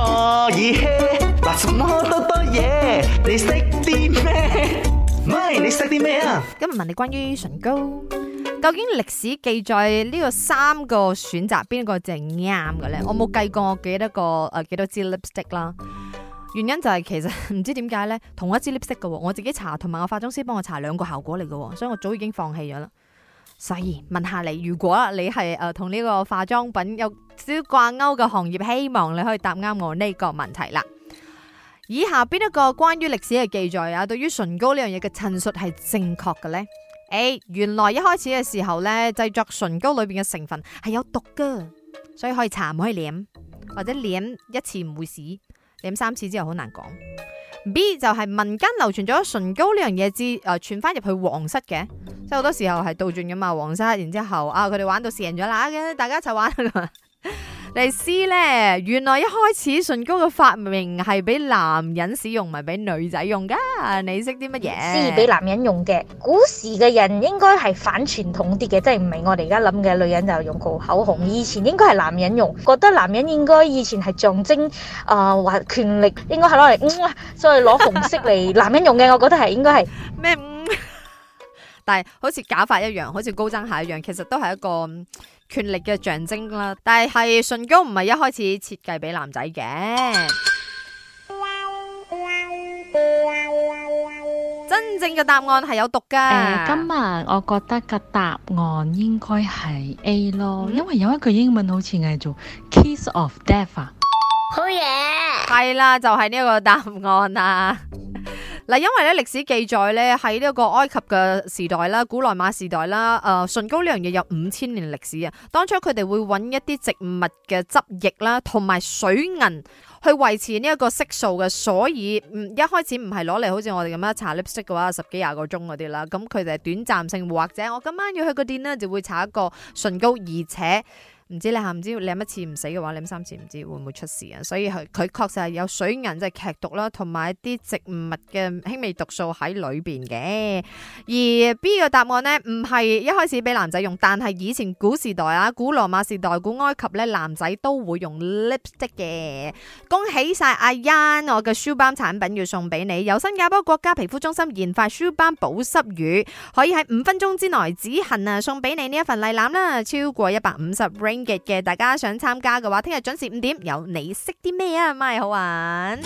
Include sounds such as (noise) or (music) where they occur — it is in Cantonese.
我耳起麼多嘢，你識啲咩？咪你識啲咩啊？今日問你關於唇膏，究竟歷史記載呢個三個選擇邊個正啱嘅咧？哦、我冇計過我記得個誒、呃，幾多支 lipstick 啦？原因就係其實唔知點解咧，同一支 lipstick 嘅我自己搽，同埋我化妝師幫我搽兩個效果嚟嘅，所以我早已經放棄咗啦。所以問下你，如果你係誒同呢個化妝品有少少掛鈎嘅行業，希望你可以答啱我呢個問題啦。以下邊一個關於歷史嘅記載啊，對於唇膏呢樣嘢嘅陳述係正確嘅呢？a 原來一開始嘅時候呢，製作唇膏裏邊嘅成分係有毒噶，所以可以搽，唔可以舔，或者舔一次唔會死，舔三次之後好難講。B 就係民間流傳咗唇膏呢樣嘢之誒傳翻入去皇室嘅。即好多時候係倒轉噶嘛，黃沙，然之後啊，佢哋玩到成咗啦，大家一齊玩你試呢。原來一開始唇膏嘅發明係俾男人使用，唔係俾女仔用噶。你識啲乜嘢？試俾男人用嘅。古時嘅人應該係反傳統啲嘅，即係唔係我哋而家諗嘅女人就用個口紅。以前應該係男人用，覺得男人應該以前係象徵啊或權力，應該係攞嚟，所以攞紅色嚟 (laughs) 男人用嘅。我覺得係應該係咩？但係好似假髮一樣，好似高踭鞋一樣，其實都係一個權力嘅象徵啦。但係唇膏唔係一開始設計俾男仔嘅，真正嘅答案係有毒噶。今日我覺得個答案應該係 A 咯，因為有一句英文好似係做 kiss of death。好嘢，係啦，就係呢個答案啦。嗱，因為咧歷史記載咧喺呢一個埃及嘅時代啦，古羅馬時代啦，誒唇膏呢樣嘢有五千年歷史啊！當初佢哋會揾一啲植物嘅汁液啦，同埋水銀去維持呢一個色素嘅，所以唔一開始唔係攞嚟好似我哋咁樣搽 lipstick 嘅話，十幾廿個鐘嗰啲啦，咁佢哋係短暫性或者我今晚要去那個店呢就會搽一個唇膏，而且。唔知你行唔知你一次唔死嘅話，你三次唔知會唔會出事啊？所以佢佢確實係有水銀即係劇毒啦，同埋一啲植物嘅輕微毒素喺裏邊嘅。而 B 嘅答案咧，唔係一開始俾男仔用，但係以前古時代啊，古羅馬時代、古埃及咧，男仔都會用 lipstick 嘅。恭喜晒阿欣，我嘅 Suu Balm 產品要送俾你，由新加坡國家皮膚中心研發 Suu Balm 保濕乳，可以喺五分鐘之內止痕啊！送俾你呢一份禮籃啦，超過一百五十 ring 嘅，大家想參加嘅話，聽日準時五點，有你識啲咩啊？係咪好玩。